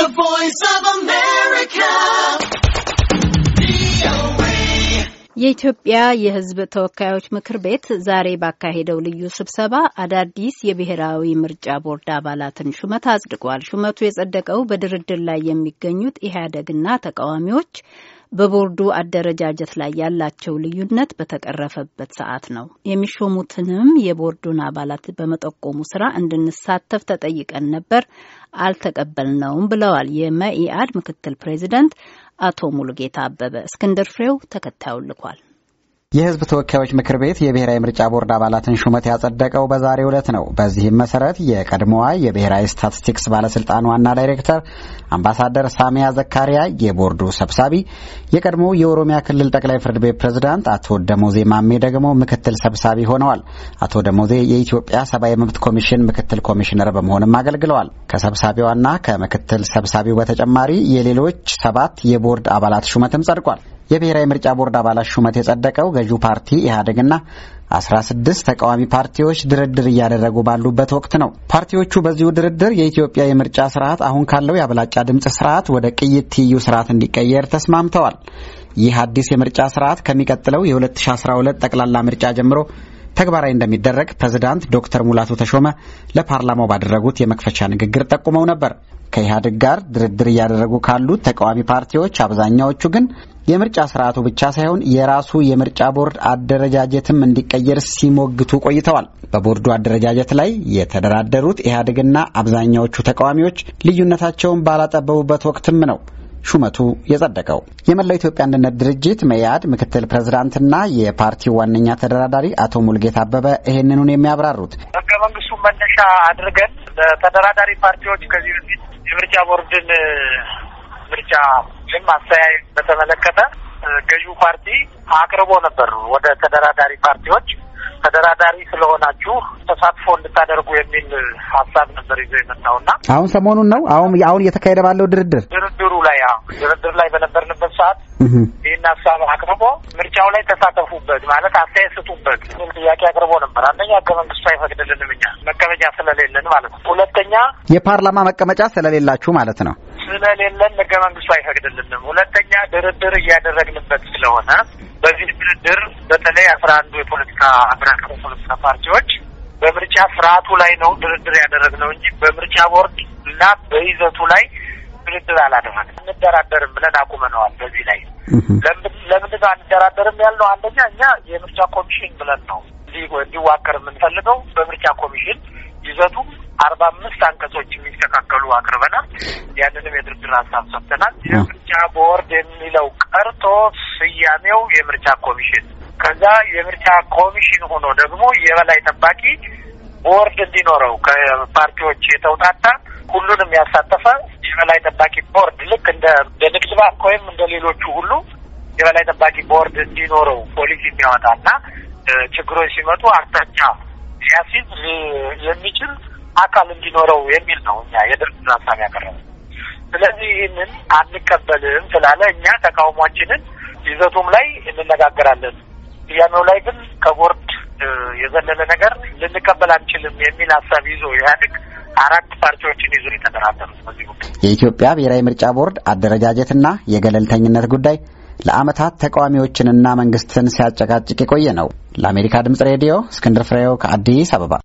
The Voice of America. የኢትዮጵያ የሕዝብ ተወካዮች ምክር ቤት ዛሬ ባካሄደው ልዩ ስብሰባ አዳዲስ የብሔራዊ ምርጫ ቦርድ አባላትን ሹመት አጽድቋል። ሹመቱ የጸደቀው በድርድር ላይ የሚገኙት ኢህአደግና ተቃዋሚዎች በቦርዱ አደረጃጀት ላይ ያላቸው ልዩነት በተቀረፈበት ሰዓት ነው። የሚሾሙትንም የቦርዱን አባላት በመጠቆሙ ስራ እንድንሳተፍ ተጠይቀን ነበር፣ አልተቀበልነውም ብለዋል የመኢአድ ምክትል ፕሬዚደንት አቶ ሙሉጌታ አበበ። እስክንድር ፍሬው ተከታዩን ልኳል። የህዝብ ተወካዮች ምክር ቤት የብሔራዊ ምርጫ ቦርድ አባላትን ሹመት ያጸደቀው በዛሬ ዕለት ነው። በዚህም መሰረት የቀድሞዋ የብሔራዊ ስታቲስቲክስ ባለስልጣን ዋና ዳይሬክተር አምባሳደር ሳሚያ ዘካሪያ የቦርዱ ሰብሳቢ፣ የቀድሞ የኦሮሚያ ክልል ጠቅላይ ፍርድ ቤት ፕሬዝዳንት አቶ ደሞዜ ማሜ ደግሞ ምክትል ሰብሳቢ ሆነዋል። አቶ ደሞዜ የኢትዮጵያ ሰብአዊ መብት ኮሚሽን ምክትል ኮሚሽነር በመሆንም አገልግለዋል። ከሰብሳቢዋና ከምክትል ሰብሳቢው በተጨማሪ የሌሎች ሰባት የቦርድ አባላት ሹመትም ጸድቋል። የብሔራዊ ምርጫ ቦርድ አባላት ሹመት የጸደቀው ገዢው ፓርቲ ኢህአዴግና አስራ ስድስት ተቃዋሚ ፓርቲዎች ድርድር እያደረጉ ባሉበት ወቅት ነው። ፓርቲዎቹ በዚሁ ድርድር የኢትዮጵያ የምርጫ ስርዓት አሁን ካለው የአብላጫ ድምፅ ስርዓት ወደ ቅይት ትይዩ ስርዓት እንዲቀየር ተስማምተዋል። ይህ አዲስ የምርጫ ስርዓት ከሚቀጥለው የ2012 ጠቅላላ ምርጫ ጀምሮ ተግባራዊ እንደሚደረግ ፕሬዝዳንት ዶክተር ሙላቱ ተሾመ ለፓርላማው ባደረጉት የመክፈቻ ንግግር ጠቁመው ነበር። ከኢህአዴግ ጋር ድርድር እያደረጉ ካሉት ተቃዋሚ ፓርቲዎች አብዛኛዎቹ ግን የምርጫ ስርዓቱ ብቻ ሳይሆን የራሱ የምርጫ ቦርድ አደረጃጀትም እንዲቀየር ሲሞግቱ ቆይተዋል። በቦርዱ አደረጃጀት ላይ የተደራደሩት ኢህአዴግና አብዛኛዎቹ ተቃዋሚዎች ልዩነታቸውን ባላጠበቡበት ወቅትም ነው ሹመቱ የጸደቀው። የመላው ኢትዮጵያ አንድነት ድርጅት መያድ ምክትል ፕሬዝዳንትና የፓርቲው ዋነኛ ተደራዳሪ አቶ ሙልጌት አበበ ይህንኑን የሚያብራሩት መነሻ አድርገን ለተደራዳሪ ፓርቲዎች ከዚህ በፊት የምርጫ ቦርድን ምርጫ ወይም አስተያየ በተመለከተ ገዢው ፓርቲ አቅርቦ ነበር ወደ ተደራዳሪ ፓርቲዎች ተደራዳሪ ስለሆናችሁ ተሳትፎ እንድታደርጉ የሚል ሀሳብ ነበር ይዞ የመጣው አሁን ሰሞኑን ነው አሁን አሁን እየተካሄደ ባለው ድርድር ድርድሩ ላይ ድርድር ላይ በነበርንበት ሰዓት ይህን ሀሳብ አቅርቦ ምርጫው ላይ ተሳተፉበት ማለት አስተያየት ስጡበት የሚል ጥያቄ አቅርቦ ነበር። አንደኛ ህገ መንግስቱ አይፈቅድልንም እኛ መቀመጫ ስለሌለን ማለት ነው። ሁለተኛ የፓርላማ መቀመጫ ስለሌላችሁ ማለት ነው ስለሌለን ህገ መንግስቱ አይፈቅድልንም። ሁለተኛ ድርድር እያደረግንበት ስለሆነ በዚህ ድርድር በተለይ አስራ አንዱ የፖለቲ የፖለቲካ አብራክ ከፖለቲካ ፓርቲዎች በምርጫ ስርዓቱ ላይ ነው ድርድር ያደረግነው እንጂ በምርጫ ቦርድ እና በይዘቱ ላይ ድርድር አላደረግንም። አንደራደርም ብለን አቁመነዋል። በዚህ ላይ ለምን አንደራደርም ያልነው አንደኛ እኛ የምርጫ ኮሚሽን ብለን ነው እንዲዋቀር የምንፈልገው በምርጫ ኮሚሽን ይዘቱ አርባ አምስት አንቀጾች የሚስተካከሉ አቅርበናል። ያንንም የድርድር ሀሳብ ሰብተናል። የምርጫ ቦርድ የሚለው ቀርቶ ስያሜው የምርጫ ኮሚሽን ከዛ የምርጫ ኮሚሽን ሆኖ ደግሞ የበላይ ጠባቂ ቦርድ እንዲኖረው ከፓርቲዎች የተውጣጣ ሁሉንም ያሳተፈ የበላይ ጠባቂ ቦርድ ልክ እንደ ንግድ ባንክ ወይም እንደ ሌሎቹ ሁሉ የበላይ ጠባቂ ቦርድ እንዲኖረው ፖሊሲ የሚያወጣና ችግሮች ሲመጡ አቅጣጫ ሲያስይዝ የሚችል አካል እንዲኖረው የሚል ነው እኛ የድርድር ሀሳብ ያቀረበ። ስለዚህ ይህንን አንቀበልም ስላለ እኛ ተቃውሟችንን ይዘቱም ላይ እንነጋገራለን፣ ስያሜው ላይ ግን ከቦርድ የዘለለ ነገር ልንቀበል አንችልም የሚል ሀሳብ ይዞ ኢህአዴግ አራት ፓርቲዎችን ይዞ የተደራደሩት በዚህ የኢትዮጵያ ብሔራዊ ምርጫ ቦርድ አደረጃጀትና የገለልተኝነት ጉዳይ ለዓመታት ተቃዋሚዎችንና መንግስትን ሲያጨቃጭቅ የቆየ ነው። ለአሜሪካ ድምጽ ሬዲዮ እስክንድር ፍሬው ከአዲስ አበባ